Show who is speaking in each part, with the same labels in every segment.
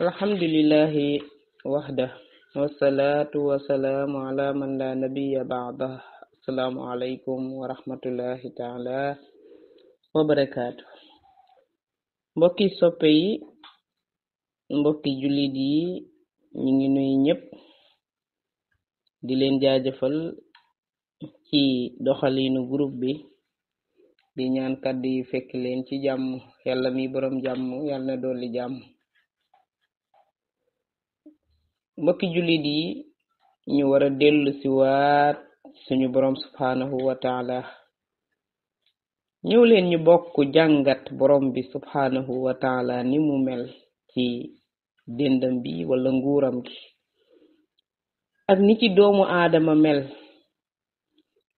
Speaker 1: Alhamdulillahi wahdah. Wassalatu wassalamu ala man la nabiyya ba'dah. Assalamualaikum warahmatullahi ta'ala wabarakatuh. barakatuh. Mbokki soppe yi, mbokki jullit yi, ñu ngi nuyu ñëpp di leen jaajëfal ci doxaliinu groupe bi di ñaan kàddu yi fekk leen ci jàmm yàlla mi borom jàmm yàlla na dolli jàmm mbokki jullit yi ñu war a dellu si waat suñu boroom subhanahu wa ñëw leen ñu bokk jàngat borom bi subhanahu wa taala ni mu mel ci dendam bi wala nguuram gi ak ni doomu aadama mel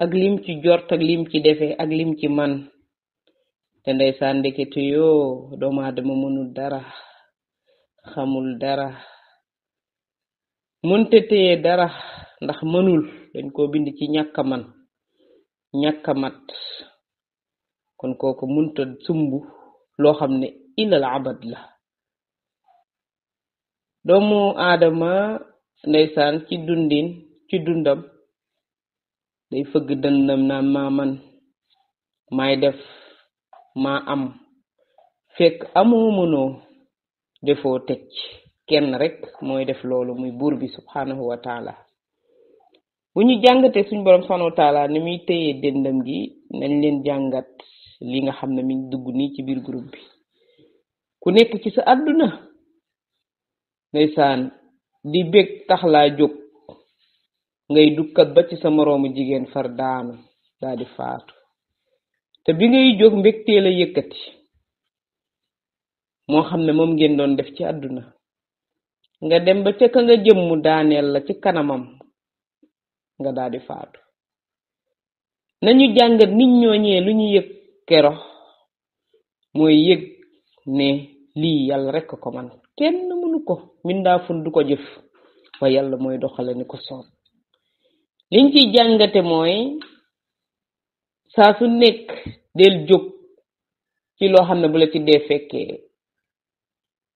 Speaker 1: ak lim ci jort ak lim ci defe ak lim ci man te ndeysaan ndekete yoo doomu aadama mënul dara xamul dara mënta téye dara ndax mënul dañ koo bind ci ñàkk a ñàkk a kon kooku mënta sumb loo xam ne ilal abad la doomu aadama ndeysaan ci dundin ci dundam day fëgg dëndam naan maa man maay def maa am fekk amoo mënoo defoo tecc kenn rek mooy def loolu muy buur bi subhanahu wa taala bu ñu jàngatee suñ borom subhanahu wa taala ni muy téyee dëndam gi nañ leen jàngat li nga xam ne mi dugg nii ci biir groupe bi ku nekk ci sa àdduna ndeysaan di bég tax laa jóg ngay dukkat ba ci sa moroomu jigéen far daanu daa di faatu te bi ngay jóg mbégtee yëkkati moo xam ne moom ngeen doon def ci àdduna nga dem ba ca ka nga jëmm daaneel la ci kanamam nga daal di faatu nañu jàng nit ñooñee lu ñu yëg kero mooy yëg ne lii yàlla rek ko man kenn mënu ko mindaa fun du ko jëf wa yàlla mooy doxale ni ko soob liñ ciy jàngate mooy saa su nekk del jóg ci loo xam ne bu la ci dee fekkee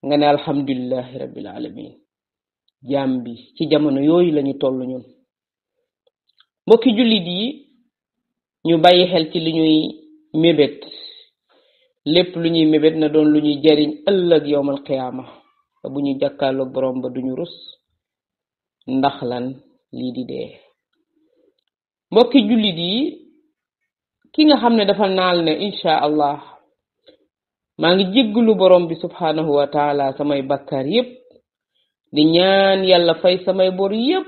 Speaker 1: nga ne alhamdulilahi rabil alamin jaam bi ci jamono yooyu lañuy toll ñun mbokki jullit yi ñu bàyyi xel ci li ñuy mébét lépp lu ñuy mébét na doon lu ñuy jariñ ëllëg yowmal qiyaama bu ñu jàkkaarloog borom ba duñu rus ndax lan lii di dee mbokki jullit yi ki nga xam ne dafa naal ne insha allah maa ngi jégglu borom bi subhanahu wa samay bakkaar yépp di ñaan yàlla fay samay bor yépp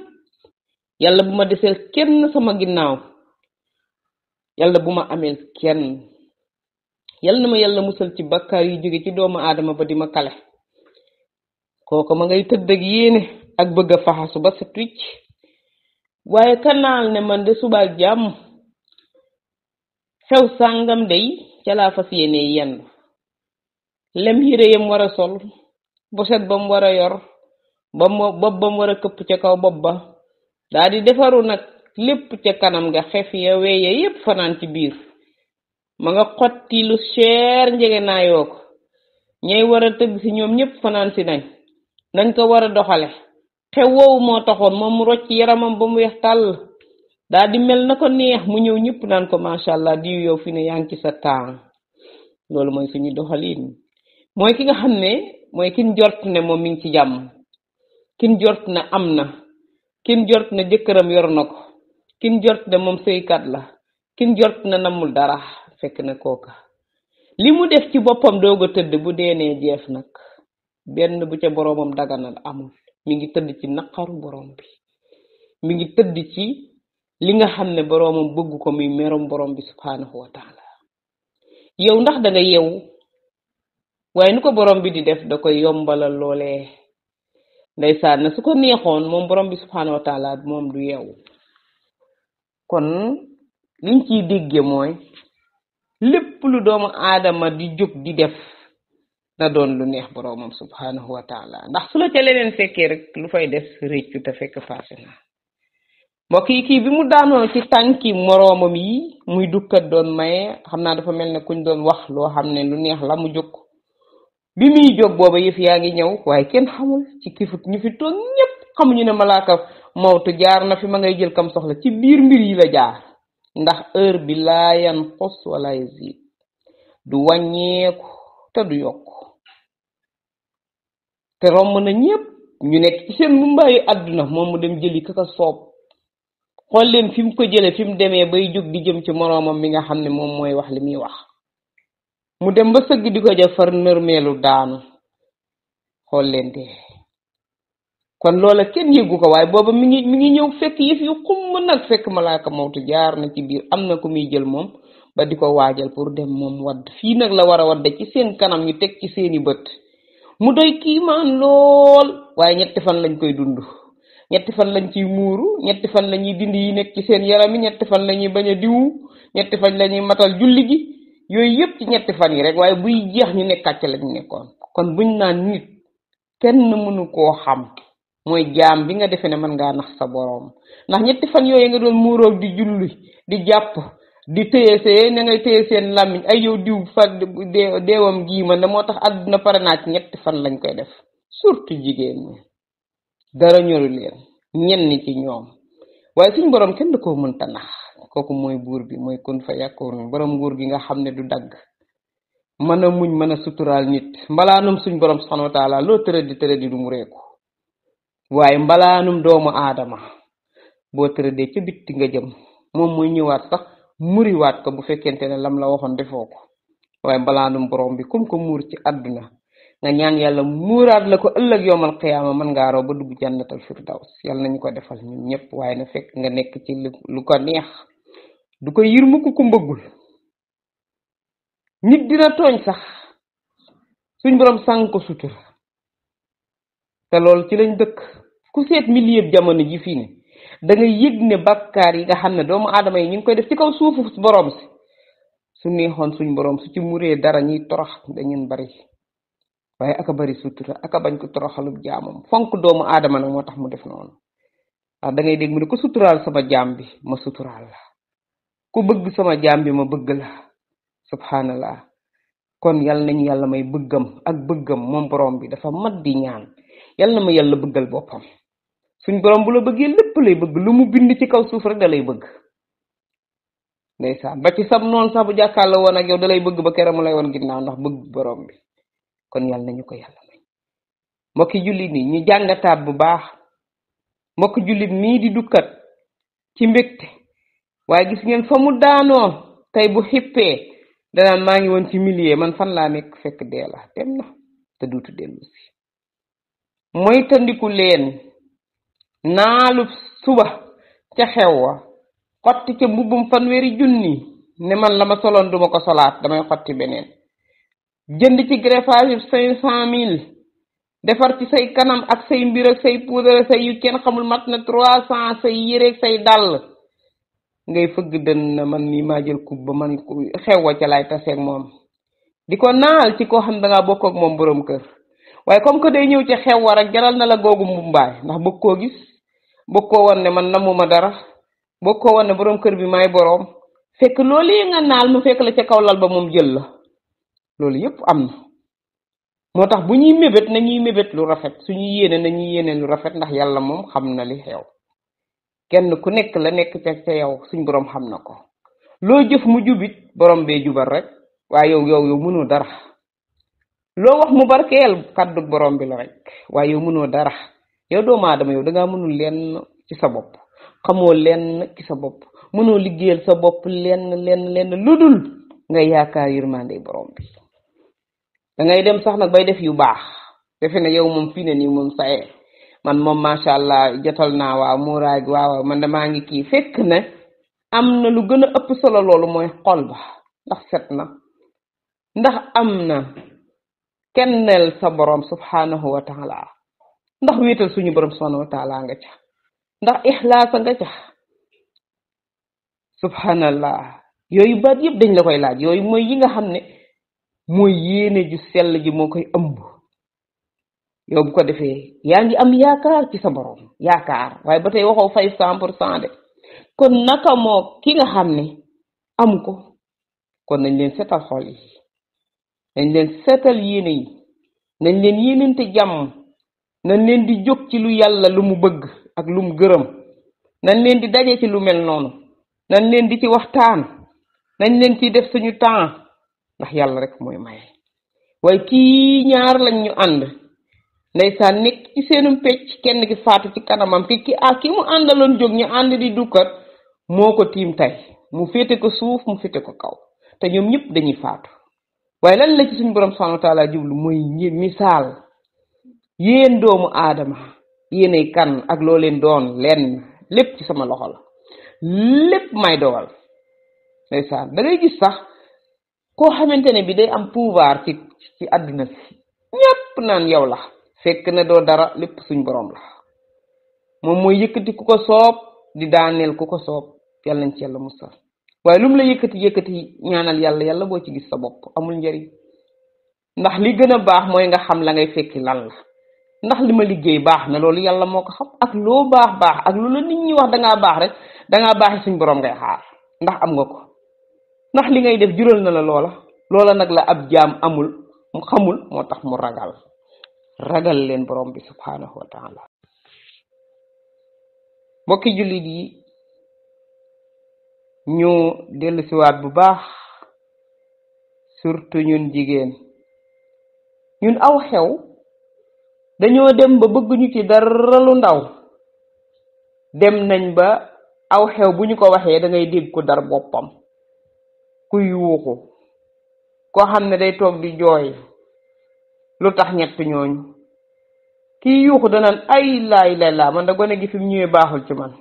Speaker 1: yàlla bu ma desel kenn sama ginnaaw yàlla bu ma ameel kenn yàlla na ma yàlla musal ci bakkaar yu jóge ci doomu aadama ba di ma kale kooko ma ngay tëdd ak yéene ak bëgg a faxasu ba sa waaye kanaal ne man de jàmm xew sàngam day ca laa fas yéene yenn lem yére yam war a sol boset bam war a yor ba bob bam war a ci kaw bob ba daa defaru nak lepp ci kanam nga xef ya weye yep ya fanan ci bir ma nga xotti lu seer njege naayoo ko ñay wara a ci ñom ñep fanan ci nañ nañ ko wara doxale xew wo mo taxon moom mu rocc yaramam bu mu mel nako neex mu ñew ñep nan ko macha allah yow fi ne yaa ci sa lolu moy suñu doxalin moy ki nga xamne ne ki njort ne mom mi ci jamm kin jort na am na kin jort na jëkkëram yor na ko kin jort na moom sëykat la kin jort na namul dara fekk na kooka li mu def ci boppam doog tëdd bu deenee jeef nag benn bu ca boroomam daganal amul mu ngi tëdd ci naqaru boroom bi mu ngi tëdd ci li nga xam ne boroomam bëgg ko muy merum boroom bi subhaanahu wa taala yow ndax da yew waaye nu ko boroom bi di def da koy yombalal loole ndeysaan na su ko neexoon moom borom bi subhanahu wa moom du yeewu kon liñ ciy dégge mooy lépp lu doomu aadama di jóg di def na doon lu neex boromam subhanahu wa taala ndax su la ca fekkee rek lu fay def réccu te fekk passé na mbokk kii bi mu daanoo ci tànki moroomam yi muy dukkat doon maye xam naa dafa mel ne kuñ doon wax loo xam ne lu neex la mu jóg bi mi jog bobu yef yaangi ñew ñëw waaye kenn xamul ci kifu ñu fi toog ñépp xamuñu ne malaaka mawtu jaar na fi ma ngay jël kam soxla ci biir mbir yi la jaar ndax heure bi la yan wala du te du yok te romb na ñep ñu nekk ci seen dem jëli kaka soop xol leen fim ko jëlé fim démé bay jog di jëm ci moromam mi nga xamné mom moy wax limi wax mu dem ba seug diko jafar ja far daanu xool leen dee kon lola ken yegu ko way bobu mi ngi mi ngi ñëw fekk yef yu xumm nak fekk malaka mawtu jaar na ci bir amna ku mi jël mom ba diko pour dem mom wad fi nak la wara wad ci seen kanam ñu tek ci seeni beut mu doy man lol way ñetti fan lañ koy dundu ñetti fan lañ ci muru ñetti fan lañuy dindi yi nek ci seen yaram fan lañ diwu fan matal julli gi yoy yep ci ñetti fan yi rek waye buy jeex ñu nekkaat ci lañu nekkoon kon buñ naan nit kenn mënu ko xam mooy jaam bi nga defe ne mën ngaa nax sa borom ndax ñetti fan yooyu nga doon muuroog di julli di jàpp di téye see ne ngay téye seen làmmiñ ay yow diw fa deewam gii man da moo tax àdduna ci ñetti fan lañ koy def surtout jigéen ñi dara ñoru leen ñenn ci ñoom waaye suñ borom kenn da koo mënta nax koku moy buur bi moy kun fa yakun borom nguur gi nga xamne du dag mana muñ mana sutural nit mbalanum suñ borom subhanahu wa taala di tere di du mu reeku waaye mbalaanum doomu bo tere de ci bitti nga jëm mom moy ñëwaat sax muriwaat ko bu fekente ne lam la waxon defoko waye mbalanum borom bi kum ko mur ci aduna nga ñaan yalla muuraat la ko ëllëg yowmal qiyamah man nga raw ba dugg jannatul firdaws yalla nañ ko defal ñun ñëpp waye na fek nga nekk ci lu ko neex du ko yir mukk ku mbeugul nit dina togn sax suñ borom sang ko sutura te lol ci lañ dëkk ku seet milieu jamono ji fi ne da nga yëg ne bakkar yi nga xamne doomu adamay ñing koy def ci kaw suufu borom si su neexon suñ borom su ci muree dara ñi torox dañun bari waye aka bari sutura aka bañ ko toroxalu jaamam fonk doomu aadama nag motax mu def non da ngay deg mu ne ko sama jaam bi ma sutural la ku bëgg sama jambi ma bëgg la subhanallah kon yalla nañu yalla may bëggam ak bëggam mom borom bi dafa mat di ñaan yalla na ma yalla bëggal bopam suñ borom bu la bëggé lepp lay bëgg lu mu bind ci kaw suuf rek dalay bëgg ndeysaan ba ci sam noonu sax bu jàkkaarloo woon ak yow dalay bëgg ba kera mu lay woon ginnaaw ndax bëgg borom bi kon yalla nañu ko yalla may mbokki jullit ni ñu jàngataat bu baax mbokk jullit nii di dukkat ci mbégte waaye gis ngeen fa mu daanoo tey bu xippee danaan maa ngi woon ci milier man fan laa nekk fekk dee la dem na te duutu dellu si tandiku leen naalu suba ca xew wa xotti ca mbubbum fanweeri junni ne man la ma duma ko solaat damay xotti beneen jënd ci greffage cinq cent mille defar ci say kanam ak say mbir ak say poudre say yu kenn xamul mat na say say dàll ngay fëgg dën na man mii maa jël coupe ba man xew wa ca laay taseeg moom di ko naal ci koo xam dangaa bokk ak moom boroom kër waaye comme que day ñëw ci xew wa rek jalal na la googu mbumbaay ndax bëgg koo gis bëgg koo wan ne man namuma dara bëgg koo wan ne boroom kër bi maay boroom fekk loolu yi nga naal mu fekk la ca kaw lal ba moom jël la loolu yépp am na moo tax bu ñuy mébét ñuy mébét lu rafet suñuy yéene nañuy yeneen lu rafet ndax yàlla moom xam na li xew kenn ku nekk la nekk ca ca yow suñ borom xam na ko loo jëf mu jubit borom bee jubal rek waaye yow yow yow mënoo dara loo wax mu barkeel kàddu borom bi la rek waaye yow mënoo dara yow doomu aadama yow da ngaa mënul lenn ci sa bopp xamoo lenn ci sa bopp mënoo liggéeyal sa bopp lenn lenn lenn lu nga yaakaar borom bi da ngay dem sax nag bay def yu baax defe ne yow moom fii ne nii moom saye man moom macha allah jotal naa waaw muuraay gi waaw man damaa ngi kii fekk ne am na lu gën a ëpp solo loolu mooy xol ba ndax set na ndax am na kennel sa borom subhanahu wa taala ndax wéetal suñu borom subhanahu wa taala nga ca ndax ixlaasa nga ca subhanallah yooyu baat yëpp dañ la koy laaj yooyu mooy yi nga xam ne mooy yéene ju sell koy ëmb yow bu ko defé yaangi am yaakar ci sa borom yaakar waaye batay waxo fay de kon naka mo ki nga xamné am ko kon nañ leen sétal xol yi nañ leen sétal yene yi nañ leen yéenante jam nañ leen di jog ci lu yalla lu mu bëgg ak lu mu gëreem nañ leen di dajé ci lu mel noonu nañ leen di ci waxtaan nañ leen ci def suñu temps ndax yalla rek moy maye way ki ñaar lañ ñu and ndeysaan nekk ci seenum pecc kenn ki faatu ci kanamam ki ki mu àndaloon jóg ñu ànd di dukkat moo ko tiim tey mu féete ko suuf mu féete ko kaw te ñoom ñëpp dañuy faatu waaye lan la ci suñu borom subhanahu wa taala jublu mooy misaal yéen doomu aadama yéenay kan ak loo leen doon lenn lépp ci sama loxo la lépp may dogal ndeysaan da ngay gis sax koo xamante bi day am pouvoir ci ci àdduna si naan yow la fekk ne doo dara lépp suñ borom la moom mooy yëkkati ku ko soob di daaneel ku ko soob yàlla nañ ci yàlla musal waaye lum la yëkkati yëkkati ñaanal yàlla yàlla boo ci gis sa bopp amul njariñ ndax li gën a baax mooy nga xam la ngay fekki lan la ndax li ma liggéey baax na loolu yàlla moo ko xam ak loo baax baax ak loolu nit ñi wax dangaa baax rek dangaa baaxi suñ borom ngay xaar ndax am nga ko ndax li ngay def jural na la loola loola nag la ab jaam amul mu xamul moo mu ragal ragal leen borom bi subhanahu wa taala mbokki jullit yi ñu waat bu baax surtout ñun jigéen ñun aw xew dañoo dem ba ñu ci dara lu ndaw dem nañ ba aw xew bu ñu ko waxee da ngay dégg ku dar boppam ku yuuxu koo xam ne day toog di jooy lu tax ñett ñooñu kii yuuxu danaan ay laay lay laa man da gone gi fi mu ñëwee baaxul ci man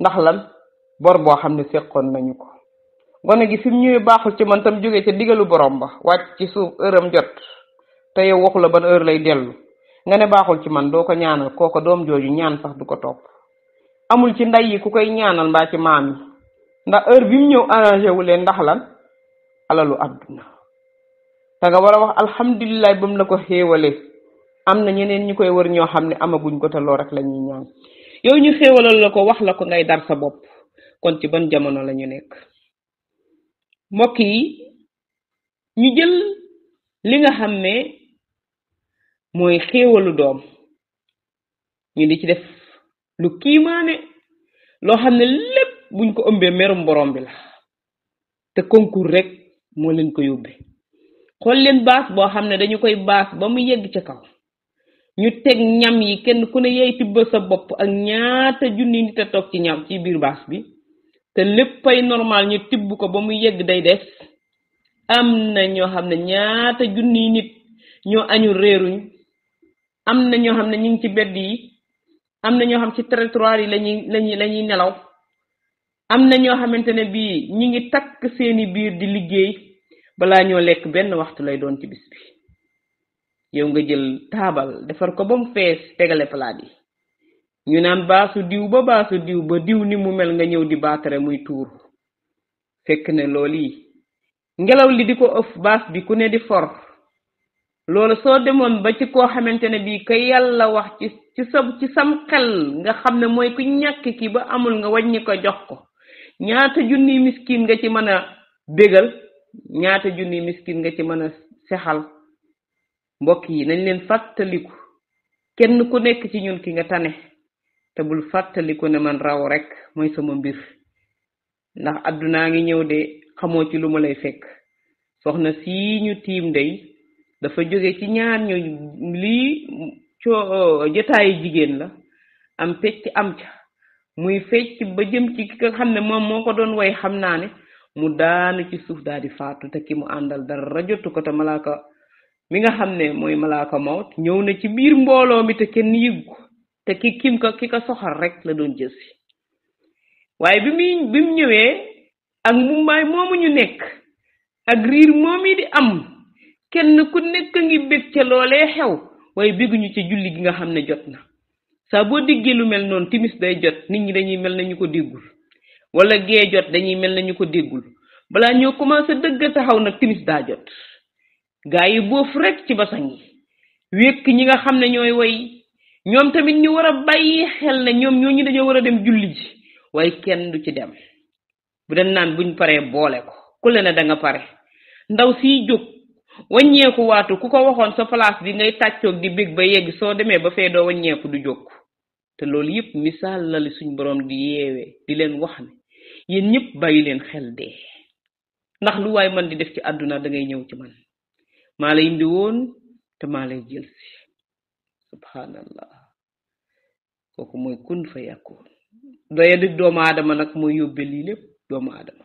Speaker 1: ndax lan bor boo xam ne séqoon nañu ko gone gi fi mu ñëwee baaxul ci man tam jógee ca digalu borom ba wàcc ci suuf ëram jot te yow waxu la ban heure lay dellu nga ne baaxul ci man doo ko ñaanal kooko doom jooju ñaan sax du ko topp amul ci nday yi ku koy ñaanal mbaa ci maam yi ndax heure bi mu ñëw arrangé wu leen ndax lan alalu àdduna ka nga wax alhamdulilah ba mu la ko xéewalee am na ñeneen ñu koy war ñoo xam ne amaguñ ko te loo rek la ñuy yow ñu xéewalal la ko wax la ko ngay dar sa bopp kon ci ban jamono lañu nekk mbokk yi ñu jël li nga xam ne mooy xéewalu doom ñu di ci def lu kiimaane loo xam ne lépp buñ ko ëmbee merum borom bi la te concours rek moo lañ ko yóbbee xool leen baas boo xam ne dañu koy baas ba mu yegg ca kaw ñu teg ñam yi kenn ku ne yay tibb sa bopp ak ñaata junni nit a toog ci ñam ci biir baas bi te léppay normal ñu tibb ko ba mu yegg day des am na ñoo xam ne ñaata junni nit ñoo añu réeruñ am na ñoo xam ne ñu ngi ci bedd yi am na ñoo xam ci territoire yi lañuy lañuy lañuy nelaw am na ñoo xamante ne bii ñu ngi takk seeni biir di liggéey bala ñoo lekk benn waxtu lay doon ci bis bi yow nga jël taabal defar ko bam fees tegale palaat yi ñu naan baasu diw ba baasu diw ba diw ni mu mel nga ñëw di baatare muy tuur fekk ne loolu yi ngelaw li di ko ëf baas bi ku ne di for loolu soo demoon ba ci koo xamante ne bii ka yàlla wax ci ci sa ci sam xel nga xam ne ku ñàkk ki ba amul nga wàññi ko jox ko ñaata junni miskin nga ci mën a ñaata junni miskin nga ci mën a sexal mbokk yi nañ leen fàttaliku kenn ku nekk ci ñun ki nga tane te bul fàttaliku ne man raw rek mooy sama mbir ndax àddunaa ngi ñëw de xamoo ci lu ma lay fekk soxna sii ñu tiim day dafa jóge ci ñaar ñu lii coo jotaayu jigéen la am fecc am ca muy fecc ba jëm ci ki nga xam ne moom moo ko doon way xam naa ne mu daanu ci suuf daal di faatu te ki mu àndal dara jotu ko te malaaka mi nga xam ne mooy malaaka mawt ñëw na ci biir mbooloo mi te kenn yëggu te ki kim ko ki ko soxal rek la doon jësi waaye bi muy bi mu ñëwee ak mumbaay moomu ñu nekk ak riir moom di am kenn ku nekk ngi bég ca loolee xew waaye bégguñu ca julli gi nga xam ne jot na saa boo déggee lu mel noonu timis day jot nit ñi dañuy mel ko déggul wala gee jot dañuy mel na ñu ko déggul balaa ñoo commencé dëgg taxaw nag timis daa jot gaa yi boof rek ci basang yi wékk ñi nga xam ne ñooy way ñoom tamit ñu war a bàyyi xel ne ñoom ñooñu dañoo war a dem julli ji waaye kenn du ci dem bu den naan buñ paree boole ko ku le ne da pare ndaw siy jóg waññeeku waatu ku ko waxoon sa place bi ngay tàccoog di bég ba yegg soo demee ba fee doo waññeeku du jóg te loolu yépp misaal lal li suñ boroom di leen wax ne Yen ñëpp bayi leen xel de ndax lu way man di def ci aduna da ngay ñew ci man indi won te jël ci subhanallah kooku moy kun fa yàkkoon doye di doomu adama nak moy yobbe li lepp doomu adama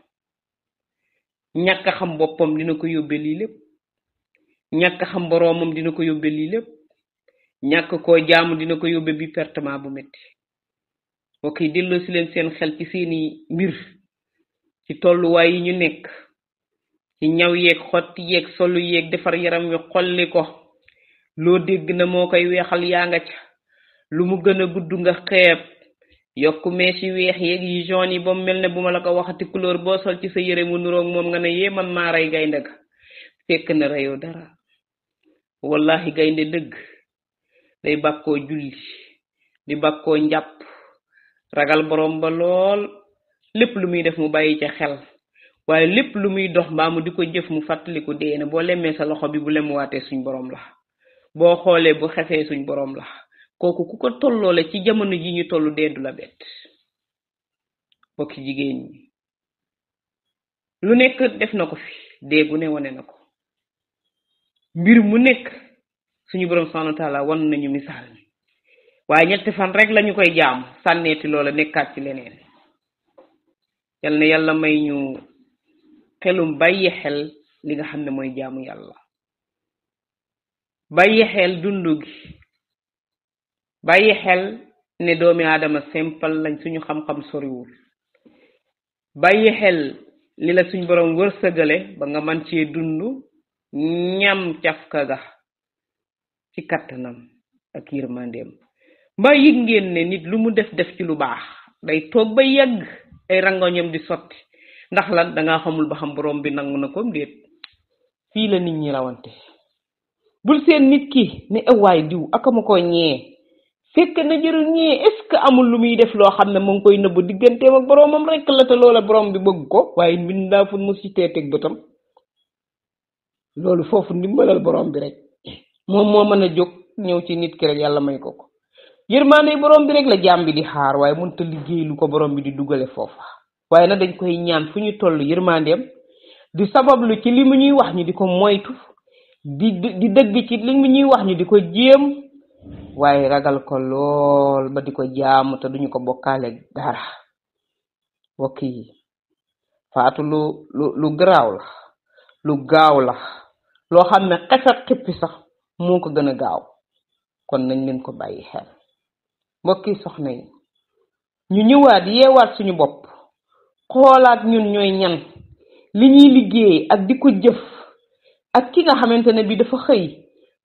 Speaker 1: ñàkk xam bopam dina ko yobbe li lepp ñàkk xam boromam dina ko yobbe li lepp ñàkk ko jaamu dina ko yobbe bi pertement bu metti mbokk yi delloo si leen seen xel ci seeni mbir ci tolluwaay yi ñu nekk ci ñaw yeeg xotti yeeg solu yeeg defar yaram wi xolli ko loo dégg na moo koy weexal yaa nga ca lu mu gën a gudd nga xeeb yokk mees yu weex yeeg yu jaune yi ba mu mel ne bu ma la ko waxati couleur boo sol ci sa yére mu nuroog moom nga ne yee man maa rey gaynde ga fekk na reyoo dara wallahi gaynde dëgg day bàkkoo julli di bàkkoo njàpp ragal boroom ba lool lépp lu muy def mu bàyyi ca xel waaye lépp lu muy dox mbaa mu di ko jëf mu fàttaliku dee boo lemee sa loxo bi bu lemuwaatee suñ boroom la boo xoolee bu xefee suñ boroom la kooku ku ko tolloole ci jamono ji ñu tollu dee du la bett bokki jigéen ñi lu nekk def na ko fi dee gu ne wone na ko mbir mu nekk suñu boroom subhanahu wa wan nañu misaal mi waaye ñetti fan rek lañu koy jaam sànneeti loola nekkaat ci leneen yal na yàlla may ñu xelum bàyyi xel li nga xam ne mooy jaamu yàlla bàyyi xel dund gi bàyyi xel ne doomi aadama simple lañ suñu xam-xam soriwul bàyyi xel li la suñ borom wërsëgale ba nga man cee dund ñam cafkaga ci kattanam ak yërmandemb ba yëg ngeen ne nit lu mu def def ci lu bax day tok ba yegg ay rangoñam di soti ndax lan da nga xamul ba xam borom bi nang na ko deet fi la nit ñi rawante bul seen nit ki ne way diw akama ko ñe fekk na jëru ñe est ce amul lu muy def lo xamne mo ngi koy ak boromam rek la te loola borom bi bëgg ko min da fu mu si teeteeg bëtam loolu foofu ndimbalal borom bi rek mom mo mëna ñew ci nit ki rek may ko ko yermane borom bi rek la jambi bi di xaar mën ta liggéey lu ko borom bi di dugale fofa waye na dañ koy ñaan fu ñu toll yërmandeem di lu ci li mu ñuy wax ñu di moytu di di dëgg ci li mu ñuy wax ñu di ko ragal ko lool ba di ko jam, te duñu ko bokkaale dara mbokk faatu lu lu lu la lu gaaw la loo xam ne sax moko gëna kon nañ leen ko bayyi xel mbokki soxna yi ñu ñëwaat yeewaat suñu bopp xoolaat ñun ñooy ñan li ñuy liggéey ak di ko jëf ak ki nga xamante ne bi dafa xëy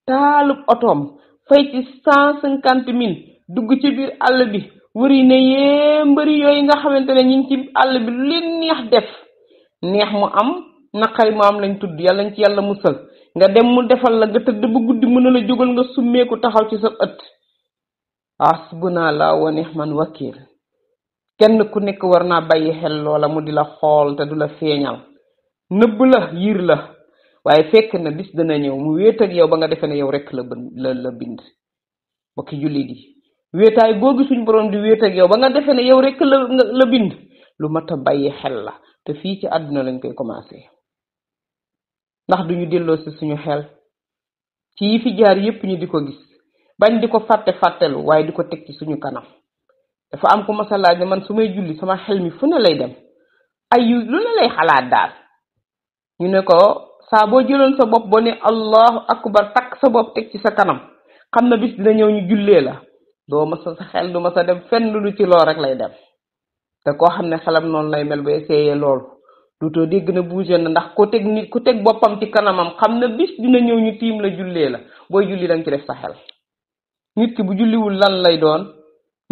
Speaker 1: taalub otoom fay ci cent cinquante mille dugg ci biir àll bi wëri na yee mbëri yooyu nga xamante ne ñi ngi ci àll bi lu leen neex def neex mu am naqari mu am lañ tudd yàlla ñu ci yàlla musal nga dem mu defal la nga tëdd ba guddi mën a la jógal nga summeeku taxaw ci sa ëtt hasbunallah wa nihman wakil kenn ku nekk war naa bàyyi xel wala mu di la xool te du la feeñal nëbb la yiir la waaye fekk na bis dana ñëw mu wéet ak yow ba nga defee ne yow rek la la la bind mbokki jullit yi di wéet yow ba nga defee ne yow rek la lu mat a xel la te fii ci àdduna lañ koy commencé ndax duñu delloo si suñu xel ci yi fi jaar yépp ñu di ko gis bañ diko ko fatel, way diko tek ko ci suñu kanam dafa am ko masala ni man sumay julli sama xelmi fu ne lay dem ay lu ne lay xalaat daal ñu ne ko saa bo jëloon sa bop bo ne allahu akbar tak sa bop tek ci sa kanam xamna bis dina ñew ñu julle la do ma sa xel du sa dem fenn lu ci lo rek lay dem te ko xamne xalam non lay mel bu essayé du duto deg na bougé na ndax ko tek nit ku tek bopam ci kanamam xamna bis dina ñew ñu tim la julle la boy julli dang ci def sa xel nit ki bu julliwul lan lay doon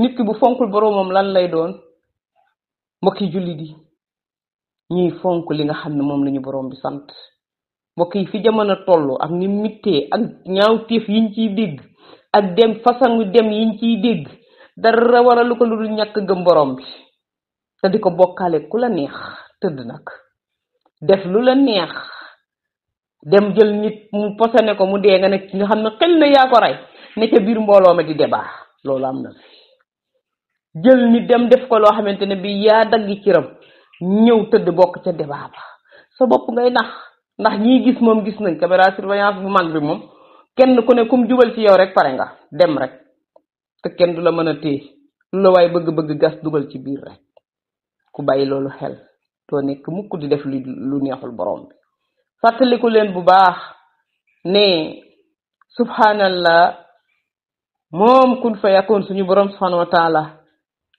Speaker 1: nit ki bu fonkul boroomam lan lay doon mbokki julli di ñuy fonk li nga xam ne moom lañu boroom bi sant mbokk yi fi jamono toll ak ni mittee ak ñaawteef yiñ ci dégg ak dem façon dem yiñ ci dégg dara waralu ko lu dul gëm boroom bi te di ko bokkaale ku la neex tëdd nag def lu la neex dem jël nit mu posone ko mu dee nga ne nga xam ne xel na yaa ko rey ne ca bir mbolo ma di débat lolu amna fi jël ni dem def ko lo xamantene ne bi dag ci ram ñew teud bok ca débat ba sa bop ngay nax ndax ñi gis mom gis nañ caméra surveillance bu mag bi mom kenn ku ne kum jubal ci yow rek paré nga dem rek te kenn du la mën lu way bëgg-bëgg gas dugal ci biir rek ku bayyi lolu xel to nek mukk di def lu neexul borom bi ko len bu baax ne subhanallah moom kun fa yakkoon suñu borom subhanahu wa taala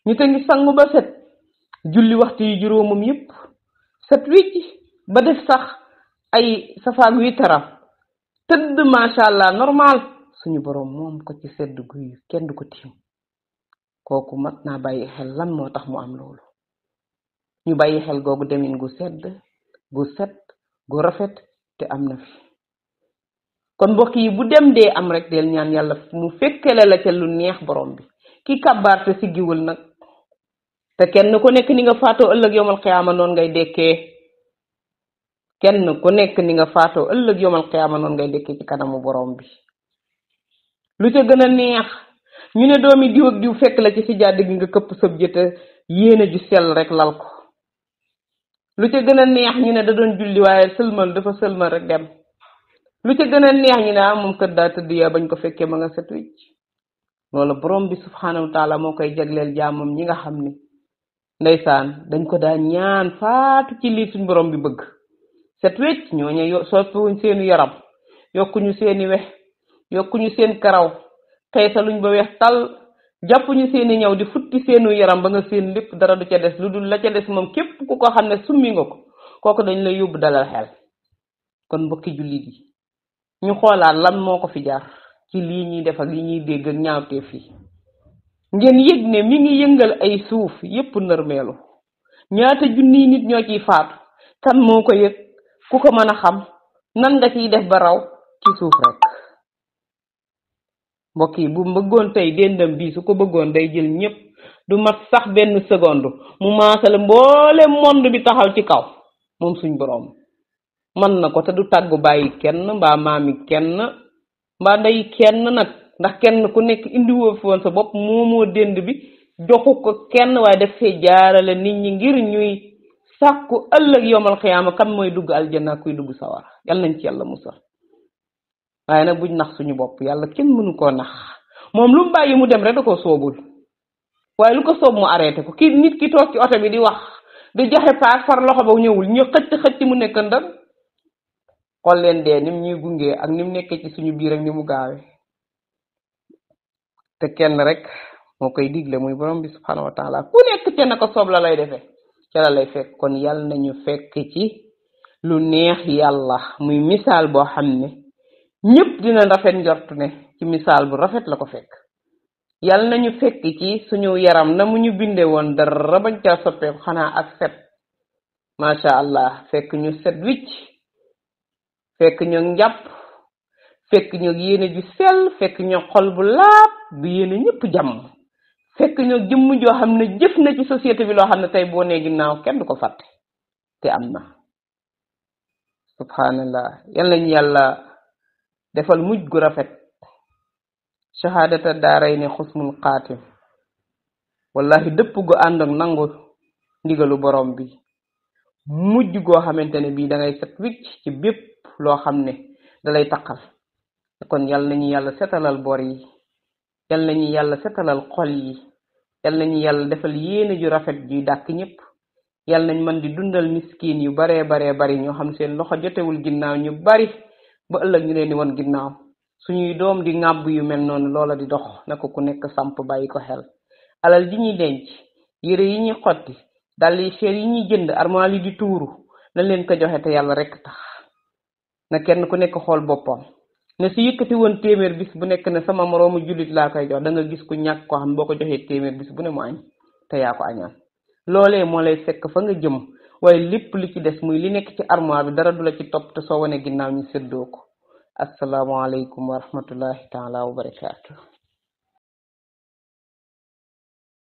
Speaker 1: nit a ngi sangu ba set julli waxtu yi juróomam yépp set wicc ba def sax ay safaag wi taram tëdd macha allah normal suñu borom moom ko ci sedd guy kenn du ko tiim kooku mat na bàyyi xel lan moo tax mu am loolu ñu bàyyi xel googu demin gu sedd gu set gu rafet te am na fi kon mbokk yi bu dem dee am rek del ñaan yàlla mu fekkele la ca lu neex borom bi ki kabaar te siggiwul nag te kenn ku nekk ni nga faatoo ëllëg yomal xiyaama noonu ngay dekkee kenn ku nekk ni nga faatoo ëllëg yomal xiyaama ngay dekkee ci kanamu borom bi lu ca gën a neex ñu ne doomi diw ak diw fekk la ci sijaada gi nga këpp sëb jëta yéene ju sell rek lal ko lu ca gën a neex ñu ne da doon julli waaye sëlmal dafa sëlmal rek dem lu ci gëna neex ñu ne ah moom kër daa tëdd yaa bañ ko fekkee ma nga sa wicc loolu borom bi subhanahu wa taala moo koy jagleel jaamam ñi nga xam ni ndeysaan dañ ko daa ñaan faatu ci lii suñ borom bi bëgg set wecc seenu yaram yokkuñu seeni wex yokkuñu seen karaw luñ ba wex tal jàppuñu seeni ñaw di futti seenu yaram ba nga seen lépp dara du ca des lu dul la ca des moom képp ku ko xam summi nga ko kooku dañ la yóbbu dalal xel kon mbokki julli di. ñu xoolaat lan moo ko fi jaar ci lii ñuy def ak ñuy dégg ak ñaawteef yi ngeen yëg ne mi ngi yëngal ay suuf yépp nërmeelu ñaata junniy nit ñoo ciy faatu kan moo ko yëg ku ko mën a xam nan nga ciy def ba raw ci suuf rek mbokk yi bu bëggoon tey dendam bii su ko bëggoon day jël ñépp du mat sax benn seconde mu maasale mboole monde bi taxaw ci kaw moom suñ boroom man na ko te du taggu bàyyi kenn mbaa maami kenn ba ndey kenn nak ndax kenn ku nek indi wo fon sa bop momo dend bi joxu ko kenn way def fe jaarale nit ñi ngir ñuy sakku ëllëg yomal xiyaama kan mooy dugg aljanna kuy dugg sawara yal nañ ci yàlla musal waaye nag buñ nax suñu bopp yàlla kenn mënu koo nax moom lu mu bàyyi mu dem rek da ko soobul waaye lu ko soob mu arrêté ko ki nit ki toog ci oto bi di wax di joxe paas far loxo ba ñëwul ñu xëcc xëcc mu nekk xol leen dee nim ñuy gunge ak nim nekk ci suñu biir ak ni mu gaawe te kenn rek moo koy digle muy borom bi subhanahu wa taala ku nekk te na ko soob la lay defee ca la lay fekk kon yàlla nañu fekk ci lu neex yàlla muy misaal boo xam ne dina rafet njort ne ci misaal bu rafet la ko fekk yàlla nañu fekk ci suñu yaram na mu ñu binde woon dara bañ ca soppeeku xanaa ak set macha allah fekk ñu set wicc fekk ñu njàpp fekk ñu yéene ju sel fekk ñu xol bu laab bu yéene ñëpp jàmm fekk ñu jëmm joo xam ne jëf na ci société bi loo xam ne tey boo nee kenn du ko fàtte te am na subhanallah yalla nañu yàlla defal muj gu rafet shahadata daaray ne xusmul xaatim wallahi dëpp gu ànd ak nangu ndigalu borom bi mujj goo xamante ne bii da ngay set wicc ci bépp lo xamne dalay takal kon yalla nañu yalla setalal bor yi yalla nañu yalla setalal xol yi yalla nañu yalla defal yene ju rafet juy dak ñep yalla nañ man di dundal miskeen yu bare bare bari ñu xam seen loxo jotewul ginnaaw ñu bari ba ëlëk ñu leen di won ginnaaw suñuy doom di ngàbb yu mel non loola di dox nako ku nekk samp bayiko xel alal ji ñi denc yere yi ñi xotti dal yi cher yi ñi jënd armoire yi di tuuru ko joxe te yalla rek tax na kenn ku nekk xool boppam ne su yëkkati woon téeméer bis bu nekk ne sama moroomu jullit laa koy jox da nga gis ku ñàkk ko xam boo ko joxee téeméer bis bu ne mu añ te yaa ko añaan loolee moo lay fekk fa nga jëm waaye lépp li ci des muy li nekk ci armoire bi dara du la ci topp te soo wane ginnaaw ñu séddoo ko asalaamaaleykum wa rahmatullahi taala wa barakaatu